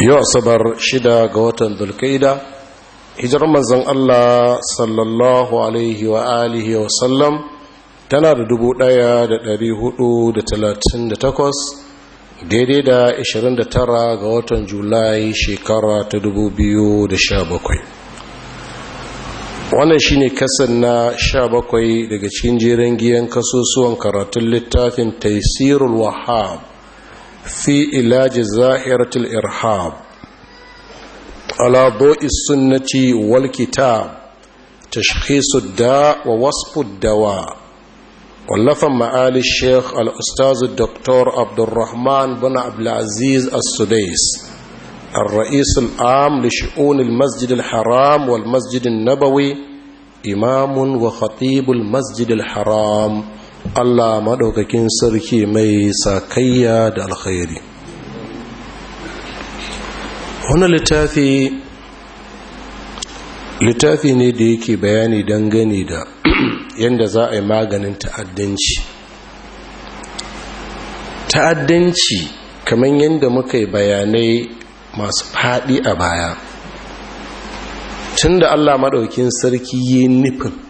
yau asabar shida ga watan dulkaida hijirar manzan Allah sallallahu alaihi wa alihi wa sallam tana da dubu daya da dari hudu da talatin da takwas daidai da ashirin da tara ga watan julai shekara ta dubu biyu da sha bakwai wannan shi ne kasan na sha bakwai daga cikin jerin giyan kasusuwan karatun littafin taisirul wahab في علاج ظاهرة الإرهاب على ضوء السنة والكتاب تشخيص الداء ووصف الدواء ولف معالي الشيخ الأستاذ الدكتور عبد الرحمن بن عبد العزيز السديس الرئيس العام لشؤون المسجد الحرام والمسجد النبوي إمام وخطيب المسجد الحرام Allah maɗaukakin sarki mai sakayya da alkhairi wani littafi littafi ne da yake bayani dangane da yadda za a yi maganin ta'addanci ta'addanci kamar yadda muka yi bayanai masu faɗi a baya Tunda Allah maɗaukin sarki yi nufin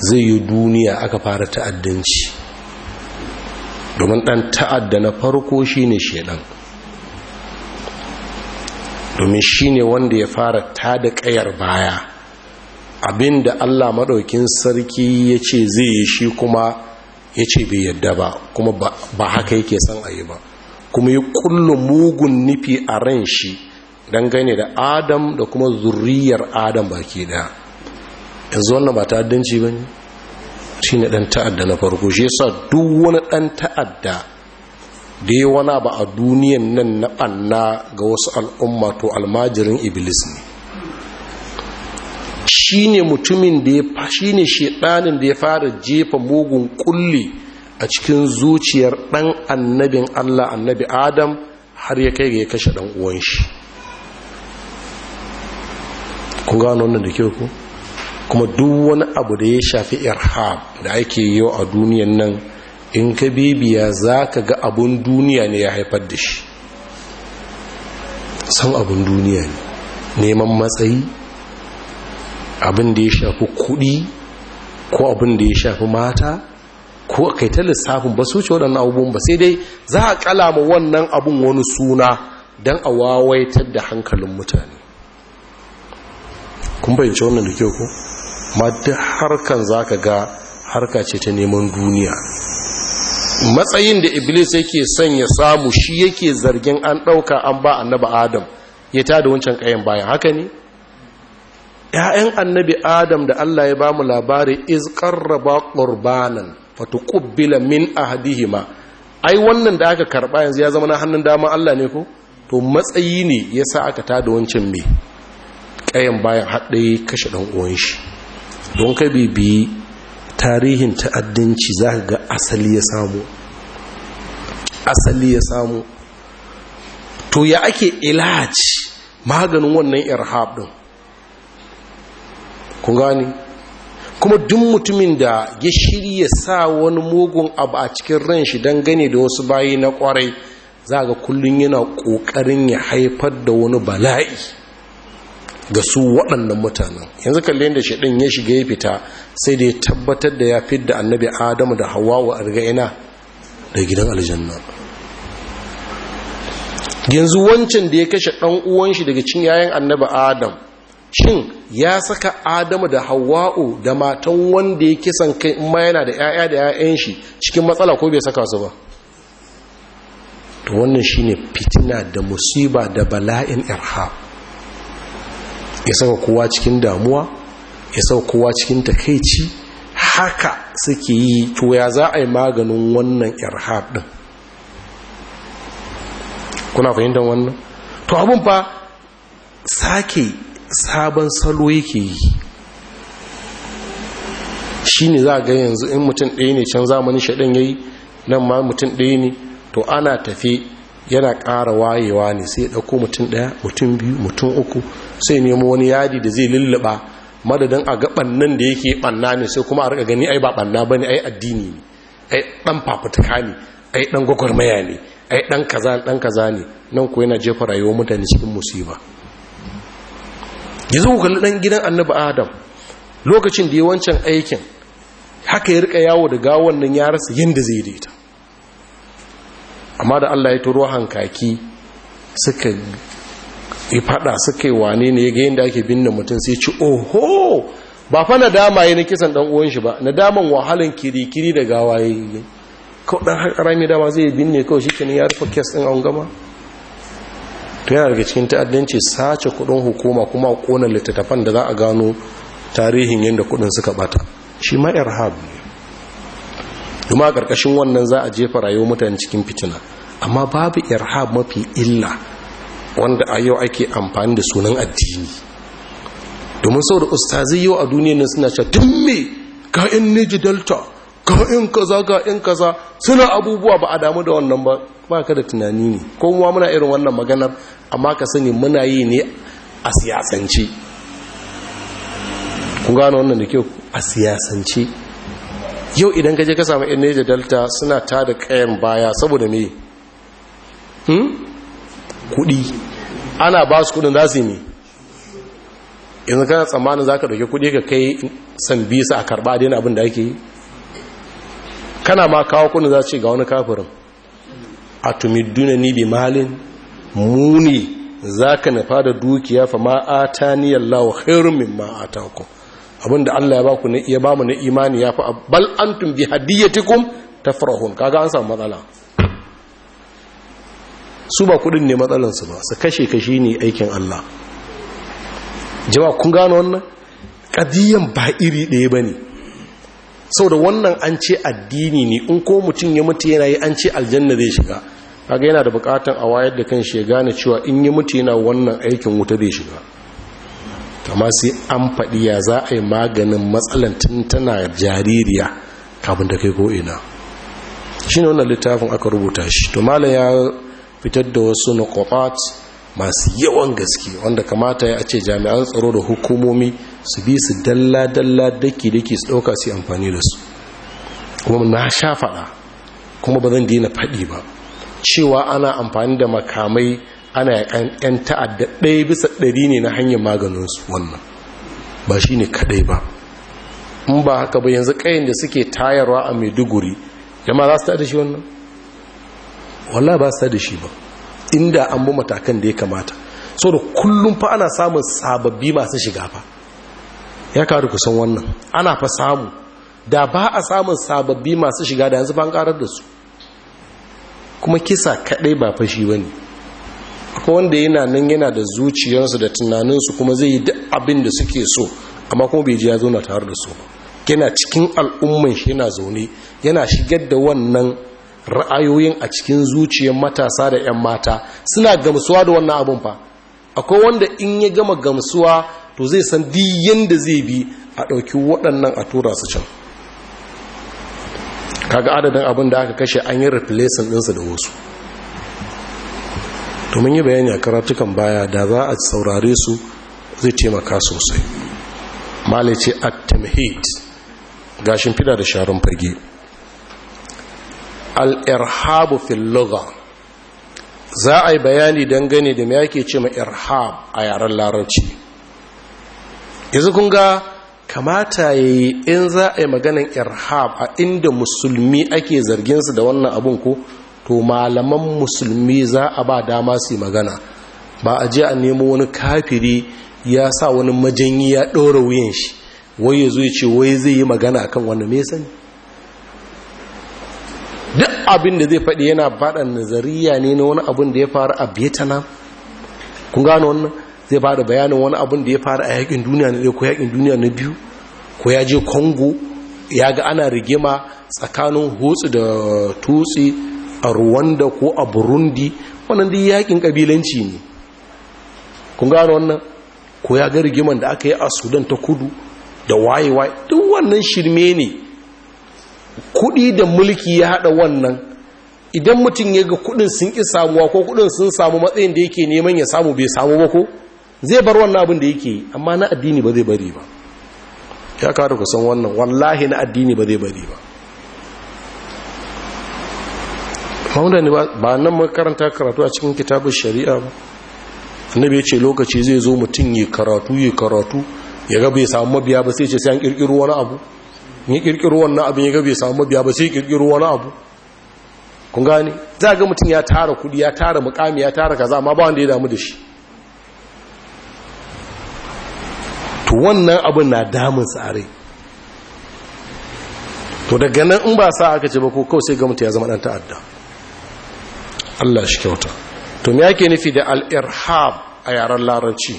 zai yi duniya aka fara ta'addanci domin dan ta'adda na farko shine shedan domin shine wanda ya fara tada ƙayar baya abinda Allah maɗaukin sarki ya ce zai yi shi kuma ya ce bai yadda ba kuma ba haka yake son ayi ba kuma yi kullu mugun nufi a ran shi dangane da adam da kuma zurriyar adam baki daya yanzu wannan ba ta'addanci ba ne shi ne ɗan ta'adda na farko shi yasa duk wani ɗan ta'adda da ya wana ba a duniyan nan na ɓanna ga wasu al'umma to almajirin iblis ne shi ne mutumin da ya fa shi ne shaɗanin da ya fara jefa mugun kulli a cikin zuciyar ɗan annabin allah annabi adam har ya kai ga ya kashe ɗan uwanshi. shi ku gano wannan da kyau ku kuma duk wani abu da ya shafi irhab da ake yi a duniyan nan in ka bibiya za ka ga abun duniya ne ya haifar da shi san abun duniya ne neman matsayi abin da ya shafi kuɗi ko abin da ya shafi mata ko kai ta lissafin ba su ce waɗannan abubuwan ba sai dai za a kalama wannan abun wani suna don a wawaitar da hankalin mutane kun bayyance wannan da kyau ko madu harkar za ka ga harka ce ta neman duniya matsayin da iblis yake son ya samu shi yake zargin an ɗauka an ba annaba adam ya ta da wancan ƙayan bayan haka ne ‘ya'yan annabi adam da allah ya ba mu labari iz ƙarraba ƙurbanan fata ƙubbila min ahadihima ai wannan da aka karɓa yanzu ya zama na hannun dama allah ne ko to matsayi ne ya sa aka ta da wancan mai ƙayan bayan haɗe kashe ɗan uwan shi don ka bibiyi tarihin ta'addanci za ga asali ya samu asali ya samu to ya ake ilaj maganin wannan irhab din ku gani kuma duk mutumin da ya shirya sa wani mugun abu a cikin ran shi don gane da wasu bayi na kwarai za ga kullum yana ƙoƙarin ya haifar da wani bala'i ga su waɗannan mutanen yanzu kalle da shaɗin ya shiga ya fita sai da ya tabbatar da ya fidda annabi adamu da hawa wa argaina da gidan aljanna yanzu wancan da ya kashe ɗan uwan shi daga cin yayan annabi adam shin ya saka adamu da hawa'u da matan wanda ya kisan kai in ma yana da 'ya'ya da 'ya'yan shi cikin matsala ko bai saka su ba to wannan shine fitina da musiba da bala'in irhab ya saka kowa cikin damuwa ya saka kowa cikin takaici haka suke yi to ya za a yi maganin wannan irhab din kuna fahimtar wannan to abun fa sake sabon salo yake yi shi ne za ga yanzu in mutum ɗaya ne can zamanin shaɗin ya yi nan ma mutum ɗaya ne to ana tafi yana ƙara wayewa ne sai ya ɗauko mutum ɗaya mutum biyu mutum uku sai nemo wani yadi da zai lulluɓa madadin a ga ɓannan da yake ɓanna ne sai kuma a riƙa gani ai ba ɓanna ba ne ai addini ne ai ɗan fafutuka ne ai ɗan gwagwarmaya ne ai ɗan kaza ɗan kaza ne nan ko yana jefa rayuwar mutane cikin musiba yanzu ku kalli ɗan gidan annabi adam lokacin da ya wancan aikin haka ya riƙa yawo da gawon nan ya rasa yadda zai daita amma da Allah ya turo hankaki suka yi fada suka yi wane ne ya ga yadda ake binne mutum sai ci oho ba fa na dama yi na kisan dan uwan shi ba nadaman wahalan kirikiri da gawaye yi. kawai dan hakarami dama zai binne kawai shi kenan ya rufe kes ɗin an gama to yana daga cikin ta'addanci sace kuɗin hukuma kuma kona littattafan da za a gano tarihin yadda kuɗin suka bata shi ma irhab ne kuma karkashin wannan za a jefa rayuwar mutane cikin fitina amma babu irhab mafi illa wanda a yau ake amfani da sunan addini domin sau da ustazi yau a duniya nan suna cewa duk me ka in niji delta ka in kaza ka in kaza suna abubuwa ba a damu da wannan ba ba ka da tunani ne ko kuma muna irin wannan maganar amma ka sani muna yi ne a siyasance kun gano wannan da kyau a siyasance yau idan ka ka samu yan neja delta suna ta da kayan baya saboda me hmm? kudi ana ba su kudin za ne yanzu kana tsammanin za ka dauke kudi ka kai san bisa a karba daina abin da ake yi kana ma kawo kudin za ce ga wani kafirin a duna ni bi malin muni za ka nufa da dukiya fa ma'ata ni yallawa khairun min ma'ata ku abinda Allah ya ba ne ya bamu mu na imani ya fi bal antum bi hadiyatikum tafrahun kaga an samu matsala su ba kudin ne matsalan su ba su kashe kashi ne aikin Allah jama'a kun gano wannan kadiyan ba iri ɗaya bane saboda wannan an ce addini ne in ko mutum ya mutu yana yi an ce aljanna zai shiga kaga yana da bukatan a wayar da kan shi ya gane cewa in ya mutu yana wannan aikin wuta zai shiga amma sai an faɗi ya za a yi maganin matsalan tun tana jaririya kafin da kai ko'ina shi ne wannan littafin aka rubuta shi to malam ya fitar da wasu nukopat masu yawan gaske wanda kamata ya ce jami'an tsaro da hukumomi su bi su dalla-dalla daki-daki su ɗauka su amfani da su kuma na sha faɗa kuma ba zan daina faɗi ba cewa ana amfani da makamai ana yan ta'adda ɗaya bisa ɗari ne na hanyar maganinsu wannan ba shi ne kaɗai ba in ba haka ba yanzu ƙayin da suke tayarwa a maiduguri jama za su ta da shi wannan wallah ba su ta da shi ba inda an bi matakan da ya kamata so da kullum fa ana samun sababbi masu shiga fa ya kawo kusan wannan ana fa samu da ba a samun sababbi masu shiga da yanzu an karar da su kuma kisa kaɗai ba fashi ba ne ko wanda yana nan yana da zuciyarsa da tunaninsu kuma zai yi duk abin da suke so amma kuma bai ji ya zauna tare da su yana cikin al'umman shi yana zaune yana shigar da wannan ra'ayoyin a cikin zuciyar matasa da 'yan mata suna gamsuwa da wannan abin fa akwai wanda in ya gama gamsuwa to zai san diyan da zai bi a ɗauki waɗannan a tura su can kaga adadin abin da aka kashe an yi replacing ɗinsa da wasu to mun yi bayani a karatukan baya da za a saurare su zai taimaka sosai malai ce at-tamhid gashin fida da sharon fage al-irhabu fil za a yi bayani dangane da me yake ce ma irhab a yaren larabci yanzu kun ga kamata yi in za a yi maganan irhab a inda musulmi ake zarginsu da wannan abun ko to malaman musulmi za a ba dama su magana ba a je a nemo wani kafiri ya sa wani majanyi ya ɗora wuyan shi wai ya zo ya ce wai zai yi magana kan wani me sani duk abin da zai faɗi yana faɗa nazariya ne na wani abin da ya faru a vietnam kun gano wannan zai bada bayanin wani abin da ya faru a yakin duniya na ɗaya ko yakin duniya na biyu ko ya je congo ya ga ana rigima tsakanin hutsu da tutsi a ruwanda ko a burundi wannan duk yakin kabilanci ne kun gano wannan ko ya ga rigiman da aka yi a sudan ta kudu da waye-waye duk wannan shirme ne kudi da mulki ya hada wannan idan mutum ya ga kudin sun ki samuwa ko kudin sun samu matsayin da yake neman ya samu bai samu ba ko zai bar wannan abin da yake yi amma na addini ba zai bari ba ya kawo ku san wannan wallahi na addini ba zai bari ba mauda ne ba nan makaranta karatu a cikin kitabun shari'a ba annabi ya ce lokaci zai zo mutum yi karatu yi karatu ya gaba ya samu mabiya ba sai ce sai an kirkiro wani abu ya kirkiro wannan abin ya gaba ya samu mabiya ba sai kirkiro wani abu kun gane za ga mutum ya tara kudi ya tara mukami ya tara kaza amma ba wanda ya damu da shi to wannan abin na damun tsare to daga nan in ba sa aka ce ba ko kawai sai ga mutum ya zama dan ta'adda Allah shi kyauta to me yake nufi da al-irhab a yaren larabci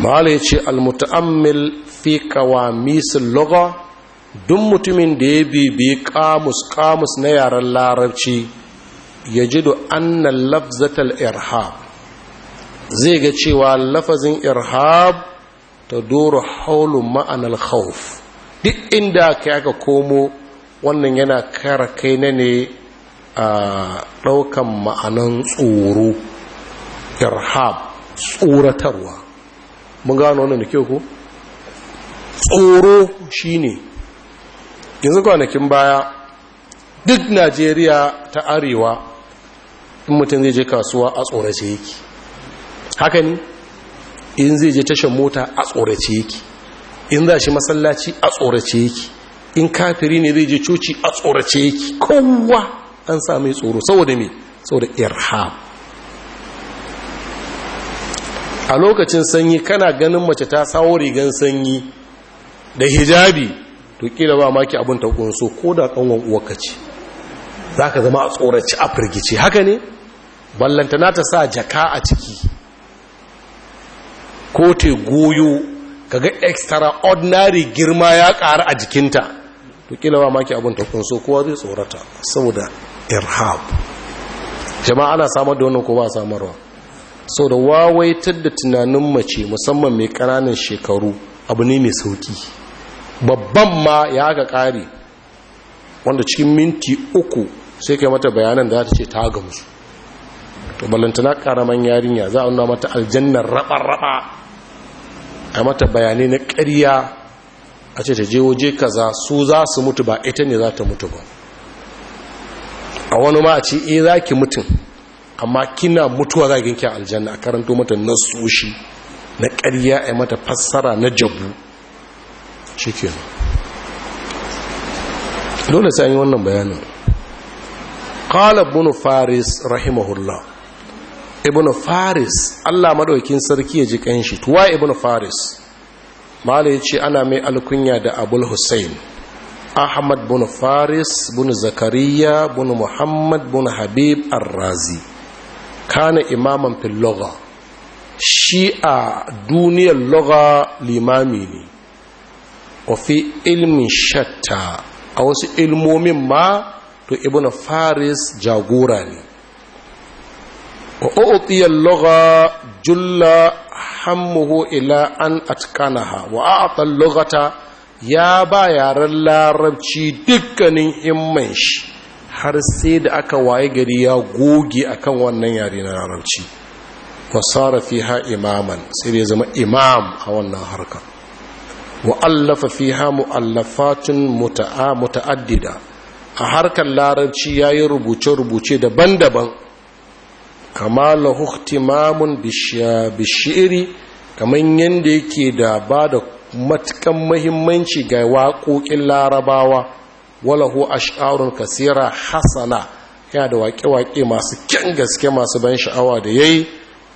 mala yace al-muta'ammil fi qawamis al-lugha duk mutumin da ya bibi kamus kamus na yaren larabci yajidu anna lafzatal irhab zai ga cewa lafazin irhab ta doro haulu ma'anar khawf duk inda ka aka komo wannan yana kara kai na ne a ɗaukan ma'anan tsoro irhab tsoratarwa mun gano wannan da ke ku? tsoro shi ne. yanzu kwanakin baya duk najeriya ta arewa in mutum zai je kasuwa a tsorace yake haka ne in zai je tashar mota a tsorace yake in za shi masallaci a tsorace yake in kafiri ne zai je coci a tsorace yake kowa an sa mai tsoro saboda me saboda irham a lokacin sanyi kana ganin mace ta sawo rigan sanyi da hijabi to kila ba maki abin ta kunso ko da kanwan uwarka ce za ka zama a tsoraci a firgici haka ne na ta sa jaka a ciki ko te goyo kaga extraordinary girma ya ƙara a jikinta to kila ba maki abin ta kunso kowa zai tsorata saboda irhab jama'a ana samar da wannan ko ba samarwa sau da wawaitar da tunanin mace musamman mai ƙananan shekaru abu ne mai sauki babban ma ya ga ƙari wanda cikin minti uku sai kai mata bayanan da za ta ce ta gamsu to ballantana ƙaramin yarinya za a nuna mata aljannar raba-raba a mata bayanai na ƙarya a ce ta je waje kaza su za su mutu ba ita ne za ta mutu ba a wani ma a ce e za ki mutum amma kina mutuwa za a aljanna a karanto mata na na karya a mata fassara na jabu shi dole sai yi wannan bayanin ƙala bunu faris rahimahullah ibn faris Allah maɗaukin sarki ya ji ƙanshi tuwa ibn faris ya ce ana mai alkunya da abul Hussain. ahmad bin faris bin zakariya bin muhammad bin habib arrazi kana imaman filoga. shi a duniyar loga limami ne ofi ilmin shatta a wasu ilmomin ma to ibn faris jagora ne wa loga julla hammuhu ila an atkanaha wa a al-lughata ya ba yaren larabci dukkanin himman shi har sai da aka waye gari ya goge akan wannan yare na larabci wasara ha imaman sai ya zama imam a wannan harka wa'allafa fiha mu'allafatun muta'a muta'addida a harkar larabci yi rubuce-rubuce daban-daban kama lahuktimamun bishiri kamar yadda yake da ba da matukan mahimmanci ga waƙoƙin larabawa walahu ash'arun kasira hasana yana da waƙe-waƙe masu kyan gaske masu ban sha'awa da yayi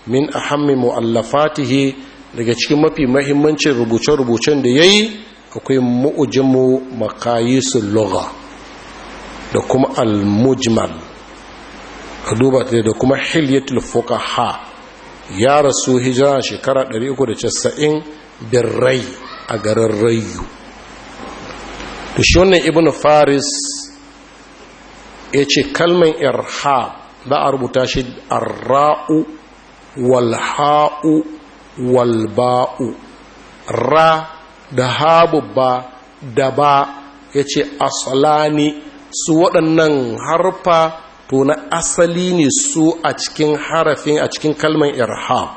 min ahammi mu'allafatihi daga cikin mafi mahimmancin rubuce-rubucen da yayi akwai mu'ujimu makayisul lugha da kuma al-mujmal duba da kuma hilyatul fuqaha ya rasu hijira shekara 390 birrai a garin rayu da shi ibn faris ya ce kalman 'irha za a rubuta shi arra'u walha'u walba'u ra da habu ba da ba ya ce asalani su waɗannan harfa to na asali ne su a cikin harafin a cikin kalman irhab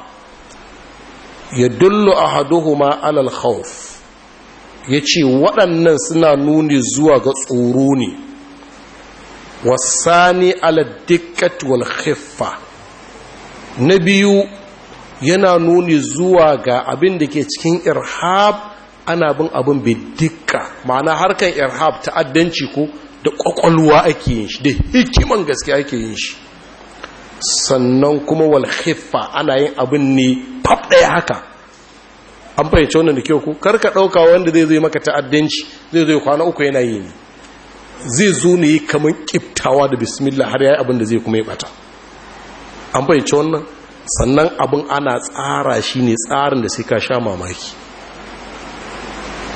ya dullu ahaduhuma alal khawf ya ce waɗannan suna nuni zuwa ga tsoro ne wasani ala dikkat wal khiffa na biyu yana nuni zuwa ga abin da ke cikin irhab ana bin abin bai dikka ma'ana harkan irhab ta'addanci ko da ƙwaƙwalwa ake yin shi da hikiman gaske ake yin shi sannan kuma wal khifa ana yin abin ne fab ɗaya haka an fahimci wannan da kyau ku karka ɗauka wanda zai zai maka ta'addanci zai zai kwana uku yana yi ne zai zo ne yi kamar ƙiftawa da bismillah har ya abin da zai kuma yi bata an fahimci wannan sannan abin ana tsara shi ne tsarin da sai ka sha mamaki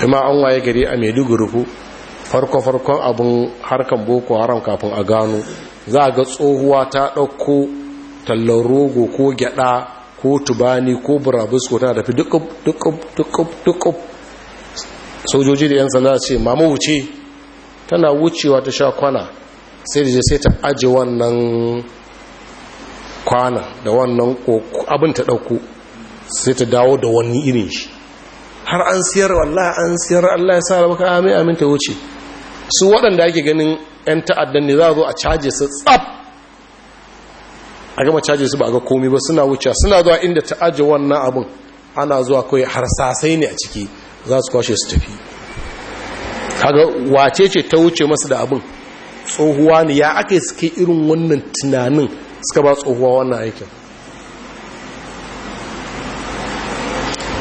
ima an waye gari a maiduguri ku farko-farkon abin harkan boko haram kafin a gano za a ga tsohuwa ta ɗauko tallar rogo ko gyada ko tubani ko burabus ko tana tafi dukub dukub dukub dukub sojoji da 'yan sanda ce mamu wuce tana wucewa ta sha kwana sai da sai ta aji wannan kwana da wannan abin ta ɗauko sai ta dawo da wani irin shi har an siyar wallah an siyar Allah ya sa rabu, amin amin ta wuce su waɗanda ake ganin 'yan ta'addan ne za a zo a caje su tsab a gama caje su ba ga komi ba suna wuce suna zuwa inda ta aje wannan abin ana zuwa kawai sasai ne a ciki za su kwashe su tafi kaga wace ce ta wuce masu da abin tsohuwa ne ya ake suke irin wannan tunanin suka ba tsohuwa wannan aikin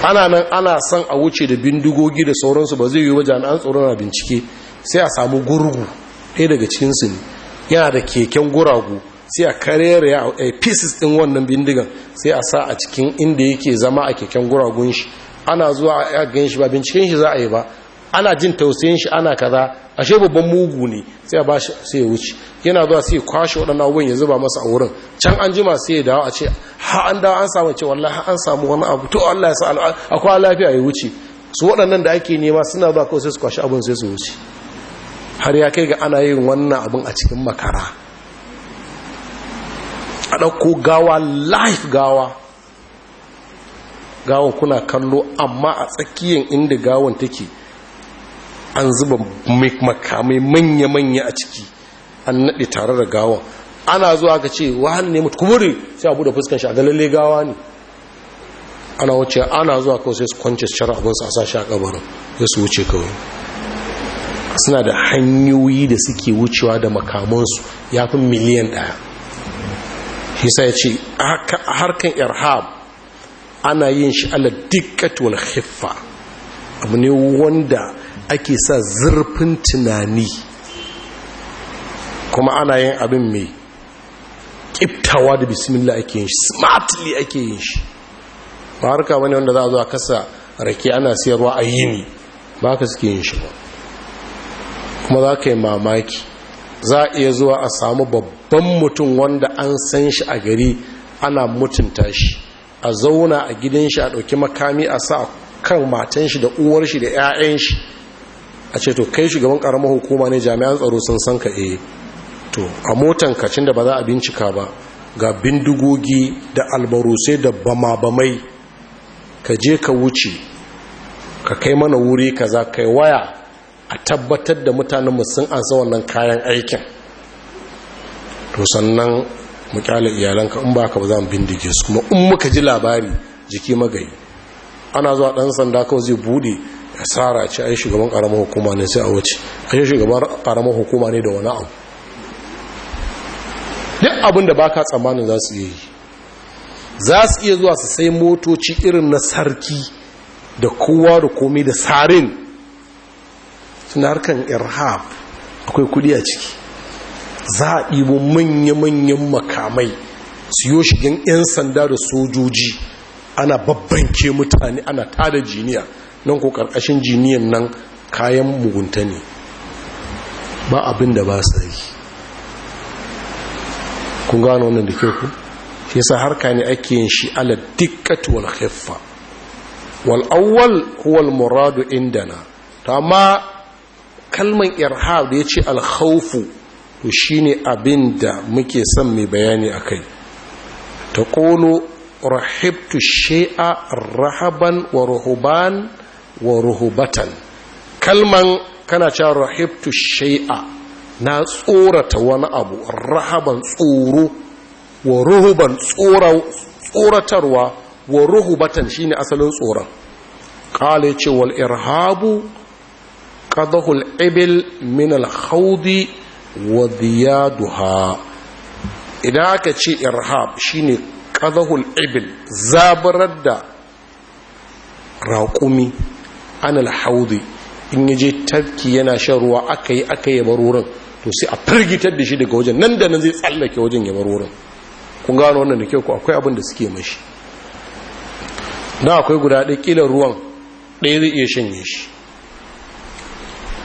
ana nan ana son a wuce da bindigogi da sauransu ba zai yi wajen an tsoron abincike bincike sai a samu gurgu ɗaya daga cikinsu ne yana da keken guragu sai a karere a pieces ɗin wannan bindigan sai a sa a cikin inda yake zama a keken guragun shi ana zuwa a gan shi ba binciken shi za a yi ba ana jin tausayin shi ana kaza shi babban mugu ne sai a bashi sai ya wuce yana zuwa sai ya kwashe waɗannan abubuwan ya zuba masa a wurin can an jima sai ya dawo a ce ha an dawo an samu ce wallahi ha an samu wani abu to Allah ya sa akwai lafiya ya wuce su waɗannan da ake nema suna zuwa kawai sai su kwashe abin sai su wuce har ya kai ga ana yin wannan abin a cikin makara a ɗauko gawa life gawa gawon kuna kallo amma a tsakiyar inda gawon take an zuba makamai manya-manya a ciki an naɗe tare da gawon ana zuwa ka ce ne mutu kuburi sai abu da fuskan shi a gawa ne ana wuce ana zuwa kawai sai su kwanci shara sa, a shi a kabarin sai su wuce kawai suna da hanyoyi da suke wucewa da makamansu ya fi miliyan ɗaya shi ya ce harkan irhab ana yin shi ala dikkatun hiffa abu ne wanda ake sa zurfin tunani kuma ana yin abin mai kiftawa da bismillah ake yin shi smartly ake yin shi ba harka wani wanda za a zo a kasa rake ana siyarwa a yini ba ka suke yin shi ba kuma za ka yi mamaki za a iya zuwa a samu babban mutum wanda an san shi a gari ana mutunta shi a zauna a gidan shi a ɗauki makami a sa kan matan shi da uwar shi da 'ya'yan shi a ce to kai shugaban ƙaramar hukuma ne jami'an tsaro sun san ka eh to a motan kacin da ba za a bincika ba ga bindigogi da albarusai da bama-bamai ka je ka wuce ka kai mana wuri ka za ka waya a tabbatar da mutanenmu sun ansa wannan kayan aikin to sannan mu iyalanka in ba ka ba za mu bindige su kuma in muka ji labari jiki magayi ana zuwa ɗan sanda kawai zai buɗe ya tsara ci ai shugaban karamar hukuma ne sai a wuce ai shugaban karamar hukuma ne da wani abu duk abin da baka tsammanin za su iya yi za su iya zuwa su sai motoci irin na sarki da kowa da komai da sarin tun harkan irhab akwai kudi a ciki za a ɗibo manya-manyan makamai siyo shigin 'yan sanda da sojoji ana babban ke mutane ana tada jiniya nan ko karkashin jiniyan nan kayan mugunta ne ba abin da ba sa yi kun gano wannan da kyau ku shi yasa harka ne ake yin shi ala dikkat wal khaffa wal awwal huwa al muradu indana to amma kalman irhab da ya ce alhaufu to shi ne abin da muke son mai bayani a kai ta ƙolo rahibtu shi'a rahaban wa ruhuban wa ruhubatan kalman kana cewa rahibtu shi'a na tsorata wani abu rahaban tsoro wa ruhuban tsoratarwa wa ruhubatan ne asalin tsoron ya ce wal irhabu qadahul ibil min al-khawdi wa diyaduha idan aka ce irhab shine qadahul ibil zabarar da raƙumi an al-hawdi in yaje tafki yana shan ruwa akai aka ya bar wurin to sai a firgitar da shi daga wajen nan da nan zai tsallake wajen ya bar wurin kun gane wannan da kyau ko akwai abin da suke mashi na akwai guda ɗaya ƙilan ruwan ɗaya zai iya shanye shi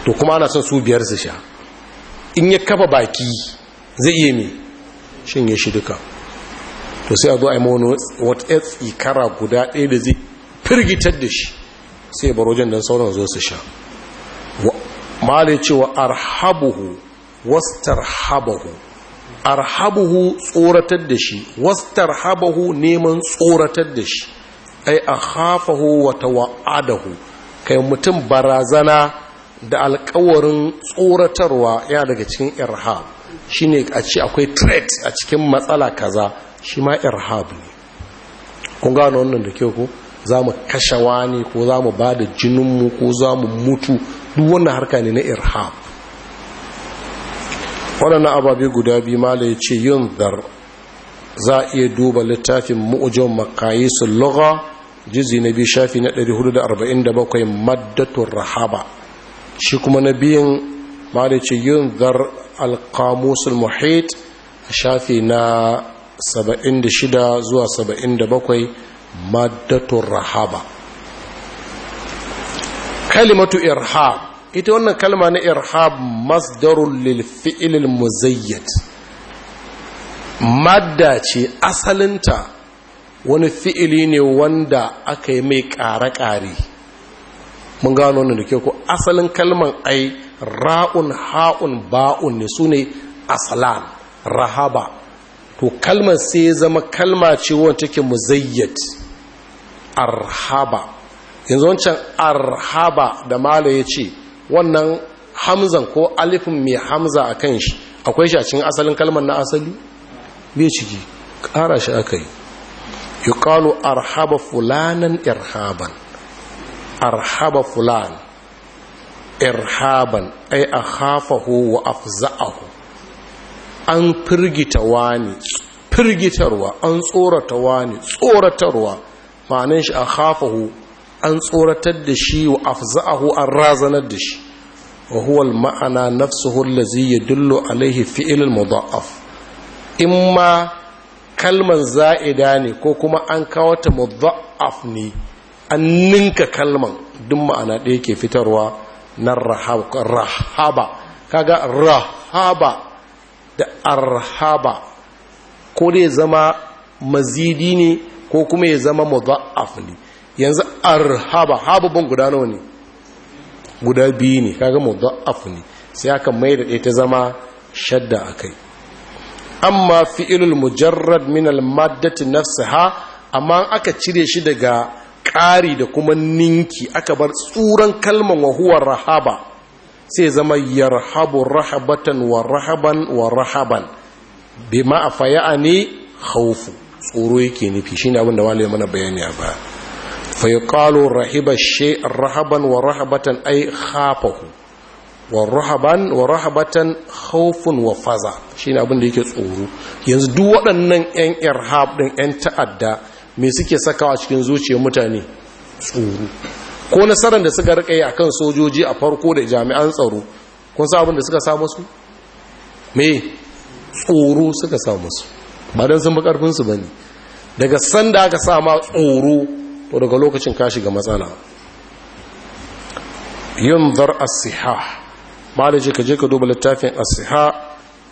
to kuma ana son su biyar su sha in ya kafa baki zai iya mai shinye shi duka to sai a zo a yi mawana wata tsikara guda ɗaya da zai firgitar da shi sai baro wajen don sauran zo su sha malai cewa arhabuhu wastar habahu arhabuhu tsoratar da shi wastar habahu neman tsoratar da shi ai a hafahu wata wa'adahu kai mutum barazana da alkawarin tsoratarwa ya daga cikin irhab shine a ce akwai threat a cikin matsala kaza shi ma irhab ne kun gano wannan da kyau ku? za mu kashe wani ko za mu ba da jininmu ko za mu mutu duk wannan harka ne na irhab waɗannan ababe guda biyu mala ya ce yin dar za a iya duba littafin mu'ujan makayi su jizi na biyu shafi na 447 maddatun rahaba shi kuma na biyun ma da ce yin zar alkamusul muhit a shafi na 76 zuwa 77 maddatun rahaba kalimatu irhab ita wannan kalma na irhab masdarun lil muzayyad madda ce asalinta wani fi'ili ne wanda aka yi mai ƙare-ƙare mun gano wannan da ke ko asalin kalman ai ra'un ha'un ba'un ne su ne asalan rahaba to kalmar sai zama kalma ce wanda take muzayyad arhaba yanzu wancan arhaba da mala ya ce wannan hamzan ko alifin mai hamza a kan shi akwai shi a cikin asalin kalmar na asali bai ciki Kara shi aka yi kalu arhaba fulanan irhaban arhaba fulan irhaban ai a hafahu wa afza'ahu an firgita wani firgitarwa an tsorata wani tsoratarwa ma'anin shi a hafahu an tsoratar da shi wa afza'ahu an razanar da shi wa huwal ma'ana nafsuhu allazi yadullu alaihi fi'il mudha'af imma kalman za'ida ne ko kuma an kawo ta mudha'af ne an ninka kalman duk ma'ana ɗaya ke fitarwa na rahaba kaga rahaba da arhaba ko dai zama mazidi ne ko kuma ya zama mudha'af ne yanzu arhaba hababin guda nawa ne guda biyu ne kaga muza'af ne sai aka mai da ɗaya ta zama shadda a kai. amma fi'ilul mujarrad min al-maddati nafsaha amma aka cire shi daga ƙari da kuma ninki aka bar tsuran kalman wahuwar rahaba sai zama yarhabu rahabatan wa rahaban wa rahaban bi ma'afaya ne haufu tsoro yake nufi shi ne abinda wale mana bayani a ba fayyaƙalo rahiba rahaban wa rahabatan ai hafahu wa rahaban wa rahabatan haufun wa faza shi ne abinda yake tsoro yanzu duk waɗannan 'yan irhab ɗin 'yan ta'adda me suke sakawa cikin zuciyar mutane tsoro ko nasarar da suka rika yi akan sojoji a farko da jami'an tsaro kun sa abin da suka samu su me tsoro suka samu su ba don sun fi karfin su bane daga sanda aka sa ma tsoro to daga lokacin ka ga matsala yunzar as-siha malaji ka je ka duba littafin as-siha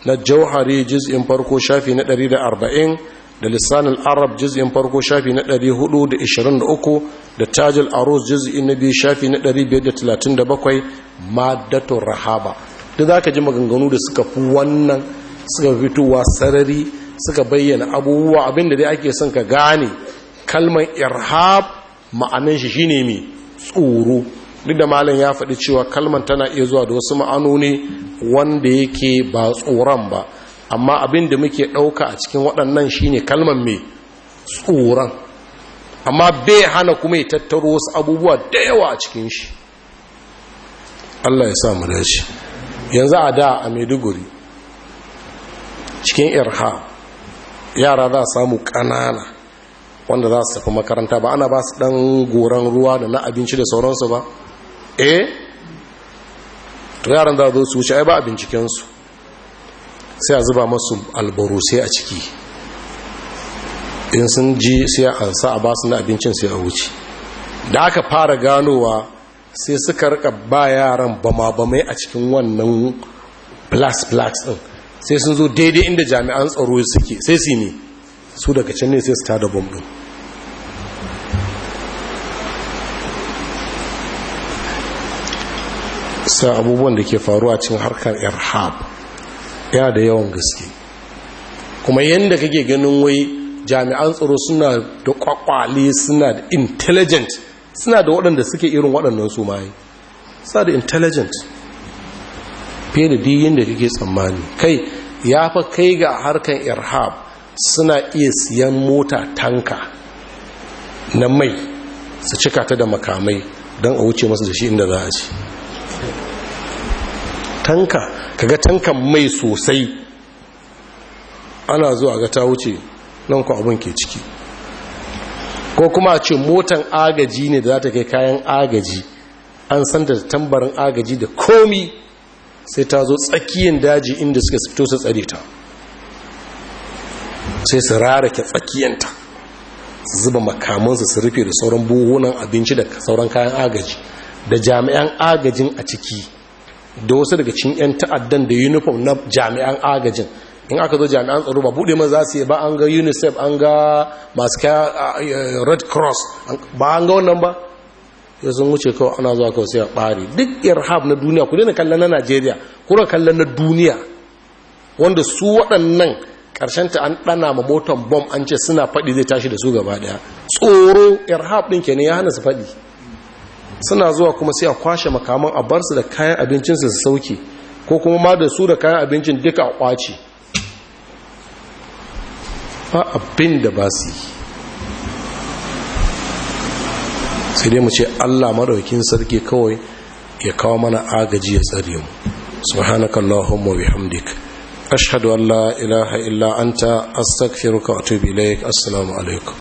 na jauhari juz'in farko shafi na 140 da lissanin arab juz'in farko shafi na 423 da tajil arus juz'in na biyu shafi na 537 maddatun rahaba da za ka ji maganganu da suka fi wannan suka fitowa sarari suka bayyana abubuwa abinda dai ake son ka gane kalmar irhab ma'anin shi shine mai tsoro duk da malam ya faɗi cewa kalmar tana iya zuwa da wasu ma'anoni wanda yake ba tsoron ba amma abin da muke ɗauka a cikin waɗannan shine kalmar mai tsoron amma bai hana kuma ya tattaro wasu abubuwa da yawa a cikin shi Allah ya sa mu dace yanzu a da a Maiduguri cikin irha yara za samu ƙanana wanda za su tafi makaranta ba ana ba su ɗan goron ruwa da na abinci da sauransu ba eh to yaran za zo su wuce ai ba a su. sai a zuba masu albarusai a ciki in sun ji sai a ansa a basu na abincin sai a wuce da aka fara ganowa sai suka rika ba yaran bama-bamai a cikin wannan plus-plus din sai sun zo daidai inda jami'an tsaro suke sai su ne su daga can ne sai su tada da din sa abubuwan da ke faruwa cikin harkar irhab ya da yawan gaske kuma yadda kake ganin wai jami'an tsaro suna da kwakwali suna da intelligent suna da waɗanda suke irin waɗannan su ma suna da intelligent fiye da diyin da kake tsammani kai ya fa kai ga harkan irhab suna iya siyan mota tanka na mai su cika ta da makamai don a wuce masu da shi inda za a ci tanka Ka ga tankan mai sosai ana zuwa ga ta wuce nan ku abin ke ciki ko kuma a ce motan agaji ne da za ta kai kayan agaji an san da tambarin agaji da komi sai ta zo tsakiyar daji inda suka fito su tsare ta sai su rarake tsakiyanta su zuba makamansu su rufe da sauran buhunan abinci da sauran kayan agaji da jami'an agajin a ciki da wasu daga cin 'yan ta'addan da uniform na jami'an agajin in aka zo jami'an tsaro ba buɗe ma za su yi ba an ga unicef an ga masu kaya red cross ba an ga wannan ba ya sun wuce kawai ana zuwa kawai sai a ɓari duk irhab na duniya ku daina kallon na najeriya kuna kallon na duniya wanda su waɗannan ƙarshen ta an ɗana ma motan bom an ce suna faɗi zai tashi da su gaba ɗaya tsoro irhab ɗin kenan ya hana su faɗi suna zuwa kuma sai a kwashe makaman a bar su da kayan abincinsu su sauke ko kuma ma da su da kayan abincin duka a kwace ba abin da ba su yi sai dai mu ce allah maɗaukin sarki kawai ya kawo mana agaji ya tsare mu subhanaka allahumma wa bihamdik ashhadu an la ilaha illa anta astaghfiruka wa atubu ilaik assalamu alaikum